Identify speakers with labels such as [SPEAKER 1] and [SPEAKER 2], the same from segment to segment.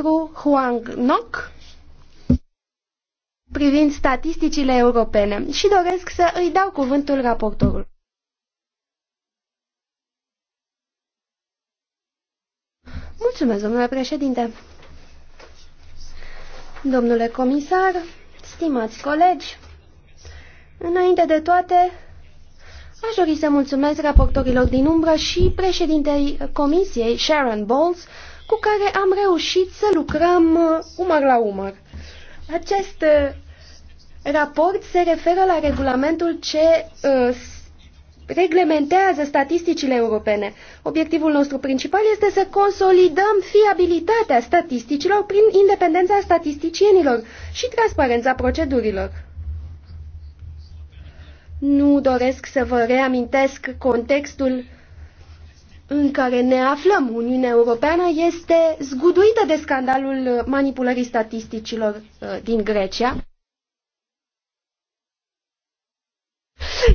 [SPEAKER 1] Tru Huang Nok privind statisticile europene și doresc să îi dau cuvântul raportorului. Mulțumesc, domnule președinte. Domnule comisar, stimați colegi, înainte de toate, aș dori să mulțumesc raportorilor din umbră și președintei comisiei, Sharon Bowles, cu care am reușit să lucrăm uh, umăr la umăr. Acest uh, raport se referă la regulamentul ce uh, reglementează statisticile europene. Obiectivul nostru principal este să consolidăm fiabilitatea statisticilor prin independența statisticienilor și transparența procedurilor. Nu doresc să vă reamintesc contextul în care ne aflăm, Uniunea Europeană, este zguduită de scandalul manipulării statisticilor uh, din Grecia.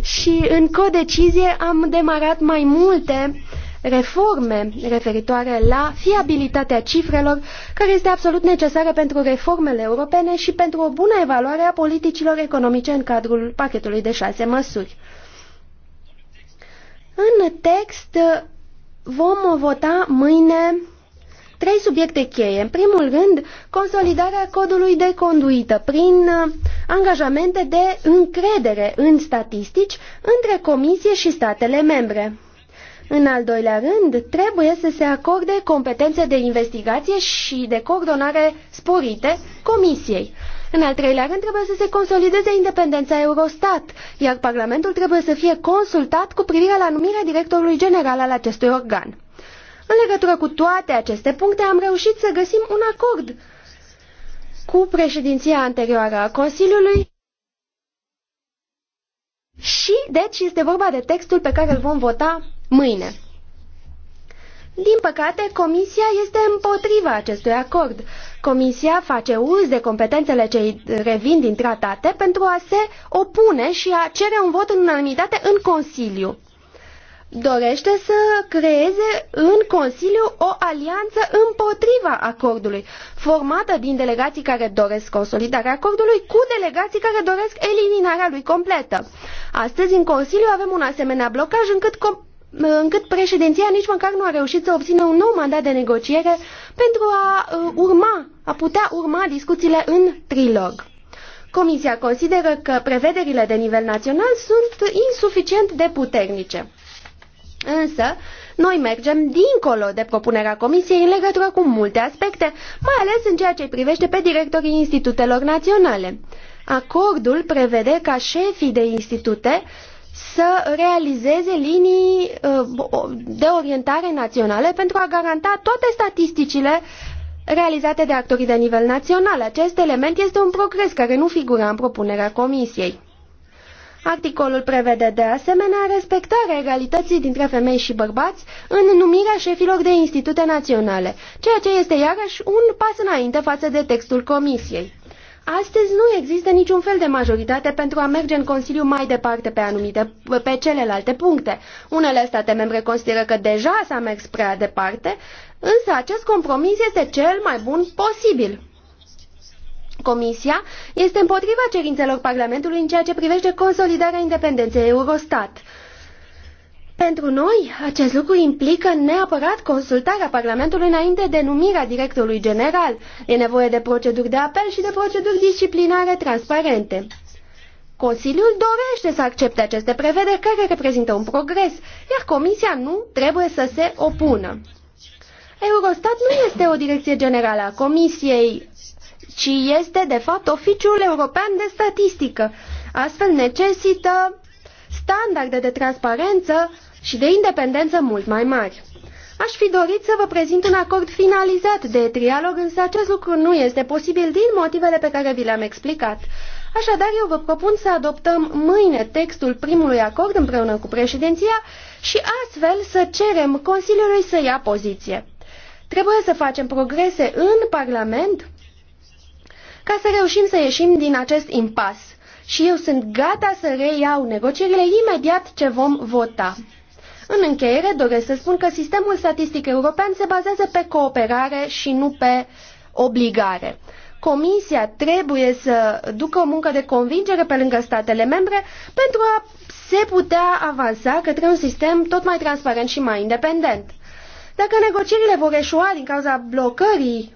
[SPEAKER 1] Și în codecizie am demarat mai multe reforme referitoare la fiabilitatea cifrelor, care este absolut necesară pentru reformele europene și pentru o bună evaluare a politicilor economice în cadrul pachetului de șase măsuri. În text Vom vota mâine trei subiecte cheie. În primul rând, consolidarea codului de conduită prin uh, angajamente de încredere în statistici între Comisie și statele membre. În al doilea rând, trebuie să se acorde competențe de investigație și de coordonare sporite Comisiei. În al treilea rând, trebuie să se consolideze independența Eurostat, iar Parlamentul trebuie să fie consultat cu privire la numirea directorului general al acestui organ. În legătură cu toate aceste puncte, am reușit să găsim un acord cu președinția anterioară a Consiliului și, deci, este vorba de textul pe care îl vom vota mâine. Din păcate, Comisia este împotriva acestui acord. Comisia face uz de competențele ce îi revin din tratate pentru a se opune și a cere un vot în unanimitate în Consiliu. Dorește să creeze în Consiliu o alianță împotriva acordului, formată din delegații care doresc consolidarea acordului cu delegații care doresc eliminarea lui completă. Astăzi, în Consiliu, avem un asemenea blocaj încât încât președinția nici măcar nu a reușit să obțină un nou mandat de negociere pentru a uh, urma, a putea urma discuțiile în trilog. Comisia consideră că prevederile de nivel național sunt insuficient de puternice. Însă, noi mergem dincolo de propunerea Comisiei în legătură cu multe aspecte, mai ales în ceea ce privește pe directorii institutelor naționale. Acordul prevede ca șefii de institute să realizeze linii uh, de orientare naționale pentru a garanta toate statisticile realizate de actorii de nivel național. Acest element este un progres care nu figura în propunerea Comisiei. Articolul prevede de asemenea respectarea egalității dintre femei și bărbați în numirea șefilor de institute naționale, ceea ce este iarăși un pas înainte față de textul Comisiei. Astăzi nu există niciun fel de majoritate pentru a merge în Consiliu mai departe pe anumite, pe celelalte puncte. Unele state membre consideră că deja s-a mers prea departe, însă acest compromis este cel mai bun posibil. Comisia este împotriva cerințelor Parlamentului în ceea ce privește consolidarea independenței Eurostat. Pentru noi, acest lucru implică neapărat consultarea Parlamentului înainte de numirea directorului general. E nevoie de proceduri de apel și de proceduri disciplinare transparente. Consiliul dorește să accepte aceste prevederi care reprezintă un progres, iar Comisia nu trebuie să se opună. Eurostat nu este o direcție generală a Comisiei, ci este, de fapt, Oficiul European de Statistică. Astfel necesită standarde de transparență și de independență mult mai mari. Aș fi dorit să vă prezint un acord finalizat de trialog, însă acest lucru nu este posibil din motivele pe care vi le-am explicat. Așadar, eu vă propun să adoptăm mâine textul primului acord împreună cu președinția și astfel să cerem Consiliului să ia poziție. Trebuie să facem progrese în Parlament ca să reușim să ieșim din acest impas. Și eu sunt gata să reiau negocierile imediat ce vom vota. În încheiere doresc să spun că sistemul statistic european se bazează pe cooperare și nu pe obligare. Comisia trebuie să ducă o muncă de convingere pe lângă statele membre pentru a se putea avansa către un sistem tot mai transparent și mai independent. Dacă negocierile vor eșua din cauza blocării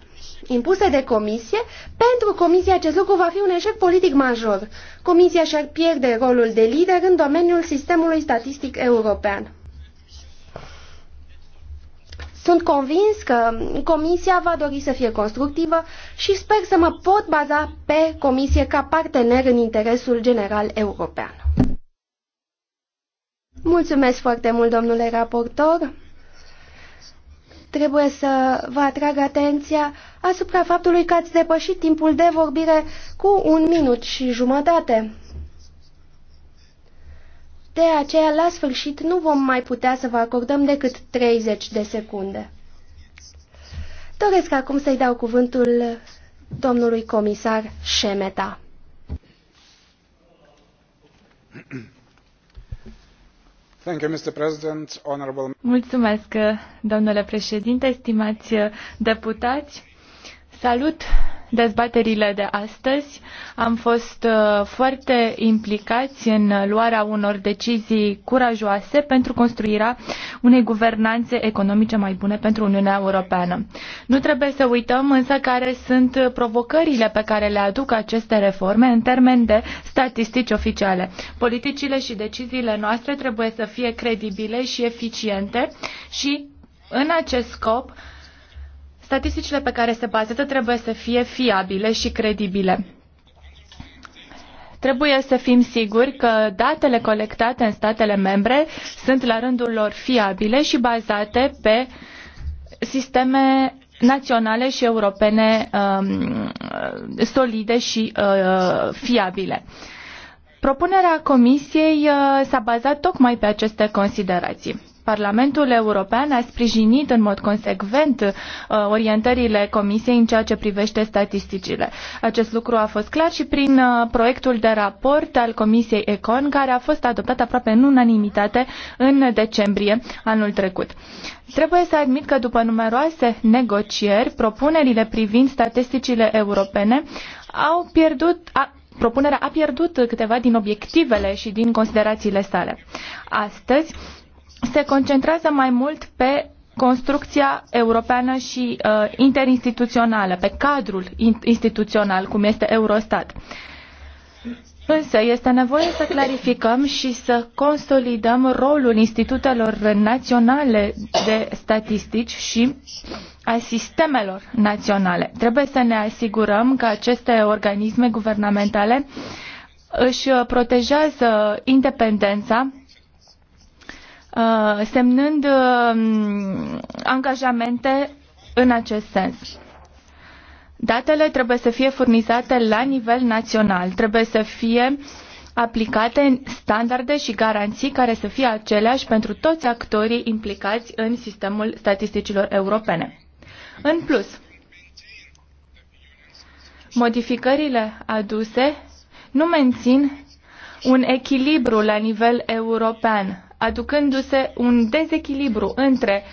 [SPEAKER 1] impuse de comisie, pentru comisie acest lucru va fi un eșec politic major. Comisia și-ar pierde rolul de lider în domeniul sistemului statistic european. Sunt convins că Comisia va dori să fie constructivă și sper să mă pot baza pe Comisie ca partener în interesul general european. Mulțumesc foarte mult, domnule raportor. Trebuie să vă atrag atenția asupra faptului că ați depășit timpul de vorbire cu un minut și jumătate. De aceea, la sfârșit, nu vom mai putea să vă acordăm decât 30 de secunde. Doresc acum să-i dau cuvântul domnului comisar Șemeta.
[SPEAKER 2] Mulțumesc, domnule președinte, estimați deputați. Salut dezbaterile de astăzi. Am fost uh, foarte implicați în luarea unor decizii curajoase pentru construirea unei guvernanțe economice mai bune pentru Uniunea Europeană. Nu trebuie să uităm însă care sunt provocările pe care le aduc aceste reforme în termen de statistici oficiale. Politicile și deciziile noastre trebuie să fie credibile și eficiente și în acest scop Statisticile pe care se bazează trebuie să fie fiabile și credibile. Trebuie să fim siguri că datele colectate în statele membre sunt la rândul lor fiabile și bazate pe sisteme naționale și europene um, solide și uh, fiabile. Propunerea Comisiei uh, s-a bazat tocmai pe aceste considerații. Parlamentul European a sprijinit în mod consecvent uh, orientările Comisiei în ceea ce privește statisticile. Acest lucru a fost clar și prin uh, proiectul de raport al Comisiei Econ, care a fost adoptat aproape în unanimitate în decembrie anul trecut. Trebuie să admit că după numeroase negocieri, propunerile privind statisticile europene au pierdut, a, propunerea a pierdut câteva din obiectivele și din considerațiile sale. Astăzi, se concentrează mai mult pe construcția europeană și uh, interinstituțională, pe cadrul instituțional, cum este Eurostat. Însă este nevoie să clarificăm și să consolidăm rolul institutelor naționale de statistici și a sistemelor naționale. Trebuie să ne asigurăm că aceste organisme guvernamentale își protejează independența Uh, semnând uh, angajamente în acest sens. Datele trebuie să fie furnizate la nivel național, trebuie să fie aplicate standarde și garanții care să fie aceleași pentru toți actorii implicați în sistemul statisticilor europene. În plus, modificările aduse nu mențin un echilibru la nivel european aducându-se un dezechilibru între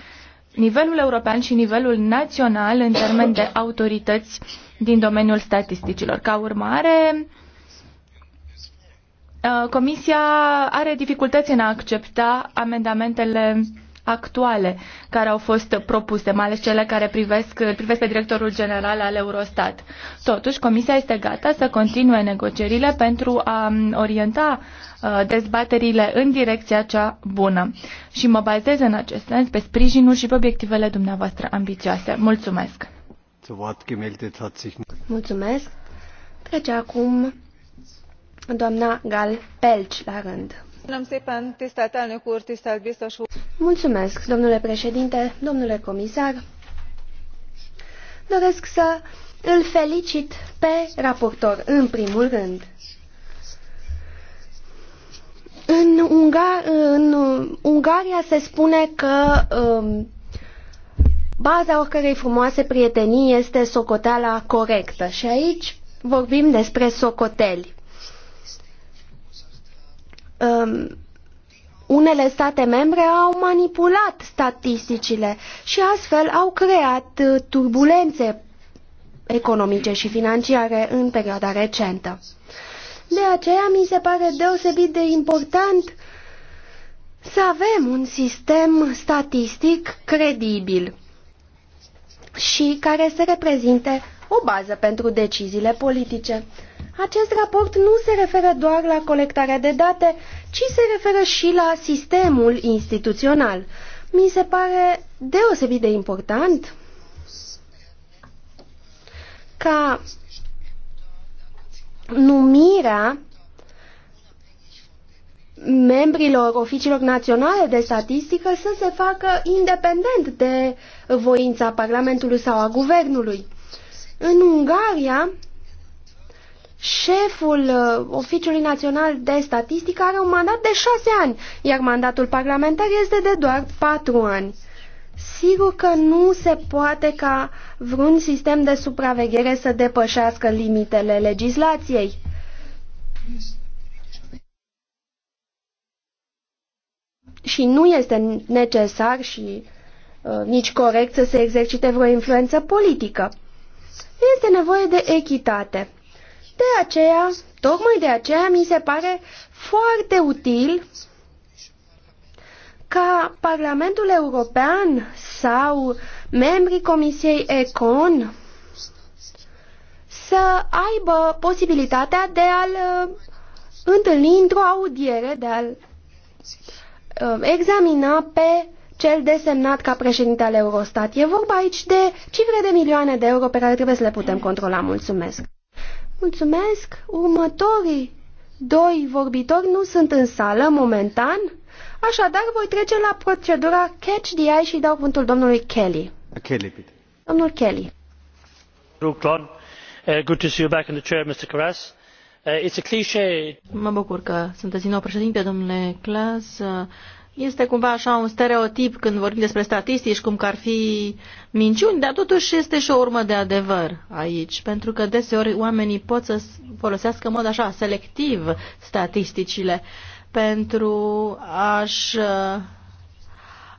[SPEAKER 2] nivelul european și nivelul național în termen de autorități din domeniul statisticilor. Ca urmare, uh, Comisia are dificultăți în a accepta amendamentele actuale care au fost propuse, mai ales cele care privesc, privesc pe directorul general al Eurostat. Totuși, Comisia este gata să continue negocierile pentru a um, orienta uh, dezbaterile în direcția cea bună și mă bazez în acest sens pe sprijinul și pe obiectivele dumneavoastră ambițioase. Mulțumesc!
[SPEAKER 1] Mulțumesc! Trece acum doamna Gal Pelci la rând. Mulțumesc, domnule președinte, domnule comisar. Doresc să îl felicit pe raportor, în primul rând. În, Ungar, în Ungaria se spune că um, baza oricărei frumoase prietenii este socoteala corectă și aici vorbim despre socoteli um, unele state membre au manipulat statisticile și astfel au creat uh, turbulențe economice și financiare în perioada recentă. De aceea mi se pare deosebit de important să avem un sistem statistic credibil și care să reprezinte o bază pentru deciziile politice. Acest raport nu se referă doar la colectarea de date, ci se referă și la sistemul instituțional. Mi se pare deosebit de important ca numirea membrilor oficiilor naționale de statistică să se facă independent de voința Parlamentului sau a Guvernului. În Ungaria, șeful uh, Oficiului Național de Statistică are un mandat de șase ani, iar mandatul parlamentar este de doar patru ani. Sigur că nu se poate ca vreun sistem de supraveghere să depășească limitele legislației. Și nu este necesar și uh, nici corect să se exercite vreo influență politică. Este nevoie de echitate. De aceea, tocmai de aceea, mi se pare foarte util ca Parlamentul European sau membrii Comisiei Econ să aibă posibilitatea de a-l uh, întâlni într-o audiere, de a-l uh, examina pe cel desemnat ca președinte al Eurostat. E vorba aici de cifre de milioane de euro pe care trebuie să le putem controla. Mulțumesc! Mulțumesc. Următorii doi vorbitori nu sunt în sală momentan, așadar voi trece la procedura Catch the Eye și dau cuvântul domnului Kelly. Kelly, Domnul Kelly. Uh, good to see you back in the chair, Mr. Carras. Uh, it's a cliché. Mă bucur
[SPEAKER 3] că sunteți din nou președinte, domnule Uh, este cumva așa un stereotip când vorbim despre statistici, cum că ar fi minciuni, dar totuși este și o urmă de adevăr aici, pentru că deseori oamenii pot să folosească în mod așa selectiv statisticile pentru a-și uh,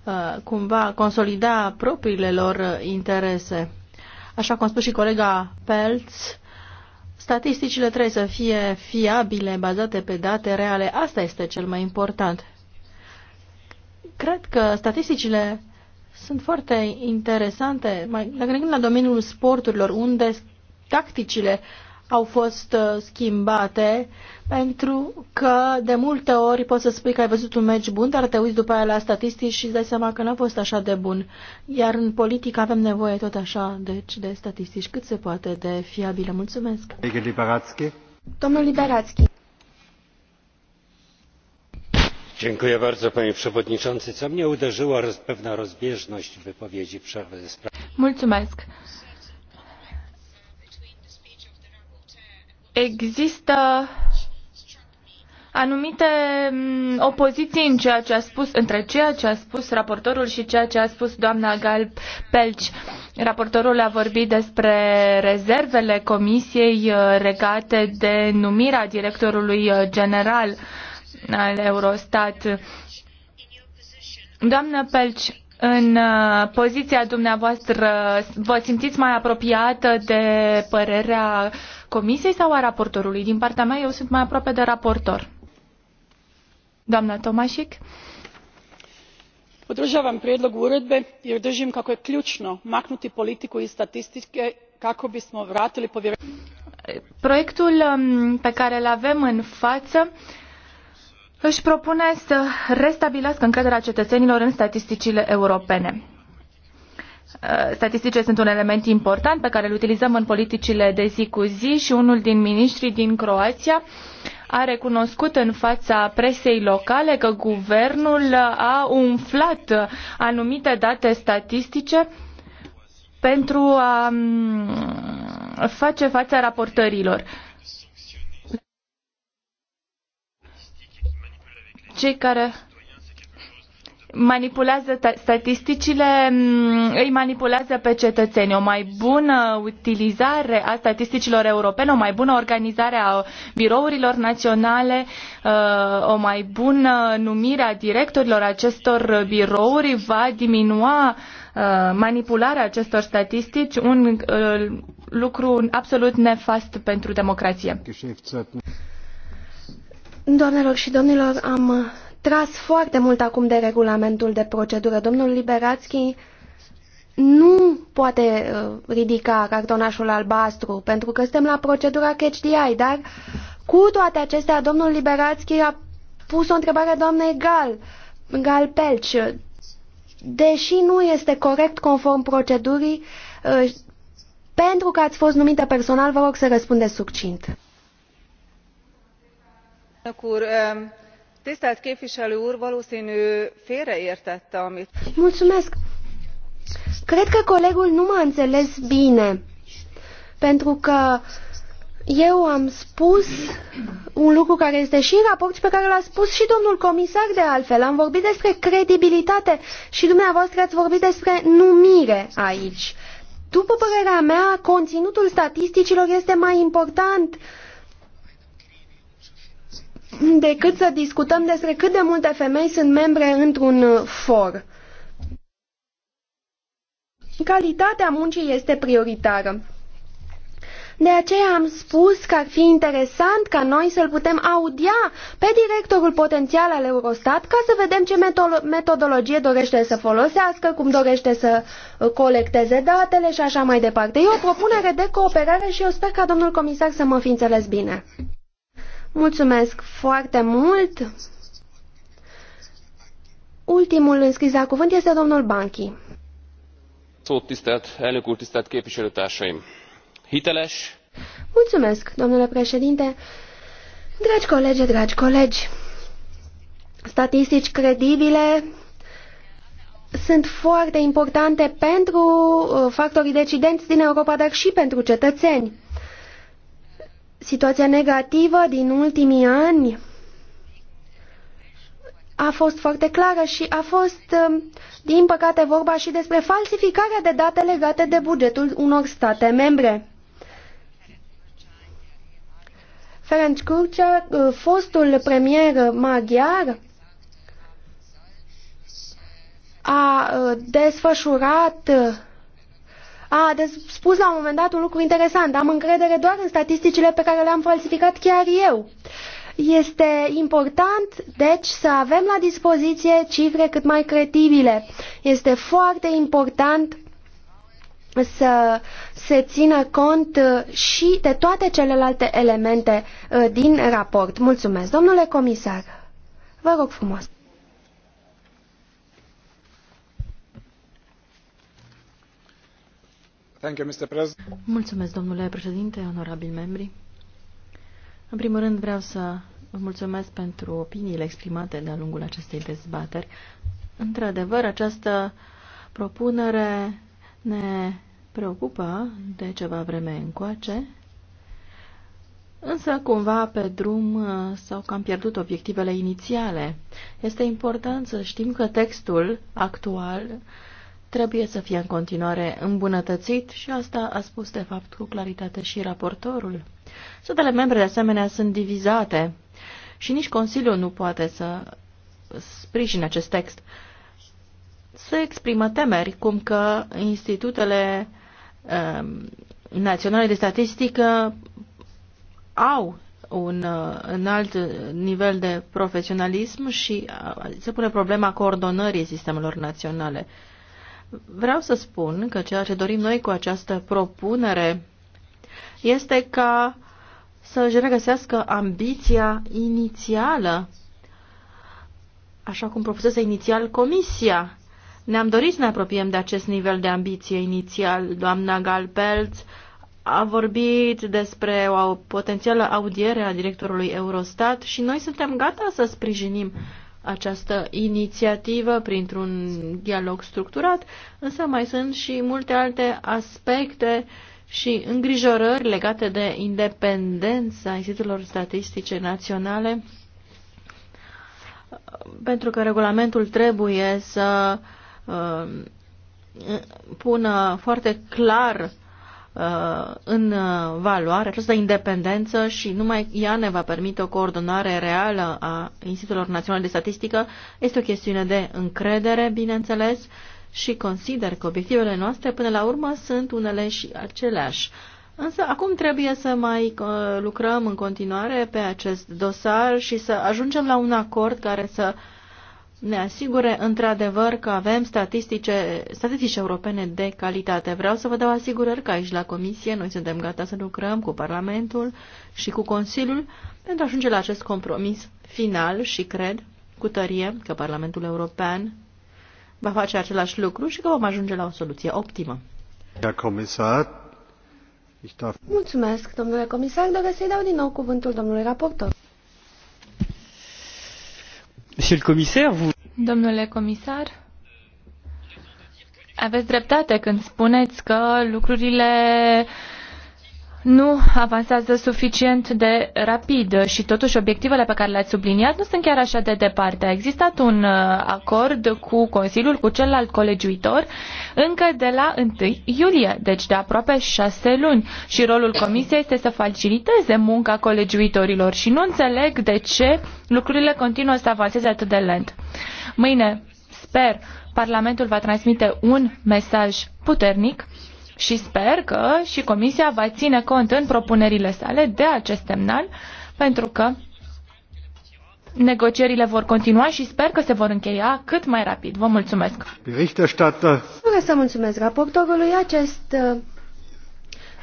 [SPEAKER 3] uh, cumva consolida propriile lor interese. Așa cum a spus și colega Peltz, statisticile trebuie să fie fiabile, bazate pe date reale. Asta este cel mai important. Cred că statisticile sunt foarte interesante, mai, dacă ne gândim la domeniul sporturilor, unde tacticile au fost uh, schimbate, pentru că de multe ori poți să spui că ai văzut un meci bun, dar te uiți după aia la statistici și îți dai seama că n-a fost așa de bun. Iar în politică avem nevoie tot așa, deci, de statistici cât se poate de fiabile. Mulțumesc! Domnul Liberațchi panie przewodniczący! co mnie uderzyło pewna rozbieżność wypowiedzi
[SPEAKER 2] există anumite mm, opoziții în ceea ce a spus între ceea ce a spus raportorul și ceea ce a spus doamna Gal pelcz. Raportorul a vorbit despre rezervele comisiei uh, regate de numirea directorului uh, general al Eurostat. Doamnă Pelci, în uh, poziția dumneavoastră, vă simțiți mai apropiată de părerea Comisiei sau a raportorului? Din partea mea, eu sunt mai aproape de raportor. Doamna Tomașic? Podržavam prijedlog uredbe jer držim kako je ključno maknuti politiku iz statistike kako bismo vratili povjerenje. Projektul um, pe care l avem în față uh, își propune să restabilească încrederea cetățenilor în statisticile europene. Uh, statisticile sunt un element important pe care îl utilizăm în politicile de zi cu zi și unul din miniștrii din Croația a recunoscut în fața presei locale că guvernul a umflat anumite date statistice pentru a mm, face fața raportărilor. cei care manipulează statisticile, mm, îi manipulează pe cetățeni. O mai bună utilizare a statisticilor europene, o mai bună organizare a birourilor naționale, uh, o mai bună numire a directorilor acestor birouri va diminua uh, manipularea acestor statistici, un uh, lucru absolut nefast pentru democrație.
[SPEAKER 1] Doamnelor și domnilor, am uh, tras foarte mult acum de regulamentul de procedură. Domnul Liberațchi nu poate uh, ridica cartonașul albastru, pentru că suntem la procedura CHDI, dar cu toate acestea, domnul Liberațchi a pus o întrebare doamnei Gal, Gal Pelci. Deși nu este corect conform procedurii, uh, pentru că ați fost numită personal, vă rog să răspundeți succint
[SPEAKER 3] tisztelt képviselő úr valósznű félreértette amit.
[SPEAKER 1] cred că colegul nu m a înțeles bine pentru că eu am spus un lucru care este și în raport și pe care l-a spus și domnul comisar de altfel. Am vorbit despre credibilitate și dumneavoastră ați vorbit despre numire aici. După părerea mea, conținutul statisticilor este mai important uh, decât să discutăm despre cât de multe femei sunt membre într-un uh, for. Calitatea muncii este prioritară. De aceea am spus că ar fi interesant ca noi să-l putem audia pe directorul potențial al Eurostat ca să vedem ce metodologie dorește să folosească, cum dorește să uh, colecteze datele și așa mai departe. E o propunere de cooperare și eu sper ca domnul comisar să mă fi înțeles bine. Mulțumesc foarte mult! Ultimul înscris la cuvânt este domnul Banchi. Szót tisztelt elnök úr, tisztelt képviselőtársaim! Hiteles? Mulțumesc, domnule președinte! Dragi colegi, dragi colegi! Statistici credibile sunt foarte importante pentru uh, factorii decidenți din Europa, dar și pentru cetățeni. Situația negativă din ultimii ani a fost foarte clară și a fost, um, din păcate, vorba și despre falsificarea de date legate de bugetul unor state membre. Ferenc Curcea, uh, fostul premier maghiar, a uh, desfășurat uh, a spus la un moment dat un lucru interesant. Am încredere doar în statisticile pe care le-am falsificat chiar eu. Este important, deci, să avem la dispoziție cifre cât mai credibile. Este foarte important să se țină cont uh, și de toate celelalte elemente uh, din raport. Mulțumesc, domnule comisar. Vă rog frumos.
[SPEAKER 3] Mulțumesc, domnule președinte, onorabili membri. În primul rând vreau să vă mulțumesc pentru opiniile exprimate de-a lungul acestei dezbateri. Într-adevăr, această propunere ne preocupă de ceva vreme încoace, însă cumva pe drum uh, s-au cam pierdut obiectivele inițiale. Este important să știm că textul actual trebuie să fie în continuare îmbunătățit și asta a spus de fapt cu claritate și raportorul. Statele membre de asemenea sunt divizate și nici Consiliul nu poate să sprijine acest text. Se exprimă temeri cum că institutele um, naționale de statistică au un, uh, un alt nivel de profesionalism și uh, se pune problema coordonării sistemelor naționale. Vreau să spun că ceea ce dorim noi cu această propunere este ca să își regăsească ambiția inițială, așa cum propusese inițial Comisia. Ne-am dorit să ne apropiem de acest nivel de ambiție inițial. Doamna Galpelt a vorbit despre o potențială audiere a directorului Eurostat și noi suntem gata să sprijinim această inițiativă printr-un dialog structurat, însă mai sunt și multe alte aspecte și îngrijorări legate de independența institutelor statistice naționale, pentru că regulamentul trebuie să uh, pună foarte clar Uh, în uh, valoare, această independență și numai ea ne va permite o coordonare reală a Institutelor Naționale de Statistică. Este o chestiune de încredere, bineînțeles, și consider că obiectivele noastre până la urmă sunt unele și aceleași. Însă acum trebuie să mai uh, lucrăm în continuare pe acest dosar și să ajungem la un acord care să uh, ne asigure într-adevăr că avem statistice, statistici europene de calitate. Vreau să vă dau asigurări că aici la Comisie noi suntem gata să lucrăm cu Parlamentul și cu Consiliul pentru a ajunge la acest compromis final și cred cu tărie că Parlamentul European va face același lucru și că vom ajunge la o soluție optimă.
[SPEAKER 1] Comisar, Mulțumesc, domnule comisar, doresc să-i dau din nou cuvântul domnului raportor
[SPEAKER 2] monsieur le commissaire, vous...
[SPEAKER 1] Domnule comisar,
[SPEAKER 2] aveți dreptate când spuneți că lucrurile uh, nu avansează suficient de rapid și totuși obiectivele pe care le-ați subliniat nu sunt chiar așa de departe. A existat un uh, acord cu Consiliul, cu celălalt colegiuitor, încă de la 1 iulie, deci de aproape șase luni. Și rolul Comisiei este să faciliteze munca colegiuitorilor și nu înțeleg de ce lucrurile continuă să avanseze atât de lent. Mâine, sper, Parlamentul va transmite un mesaj puternic și sper că și Comisia va ține cont în propunerile sale de acest semnal, pentru că negocierile vor continua și sper că se vor încheia cât mai rapid. Vă mulțumesc!
[SPEAKER 1] Vreau să mulțumesc raportorului. Acest uh,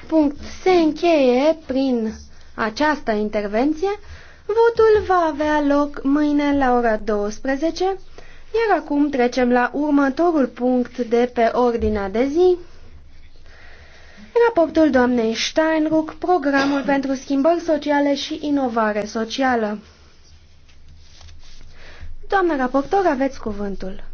[SPEAKER 1] punct se încheie prin această intervenție. Votul va avea loc mâine la ora 12, iar acum trecem la următorul punct de pe ordinea de zi. În Raportul doamnei Steinruck, programul pentru schimbări sociale și inovare socială. Doamna raportor, aveți cuvântul.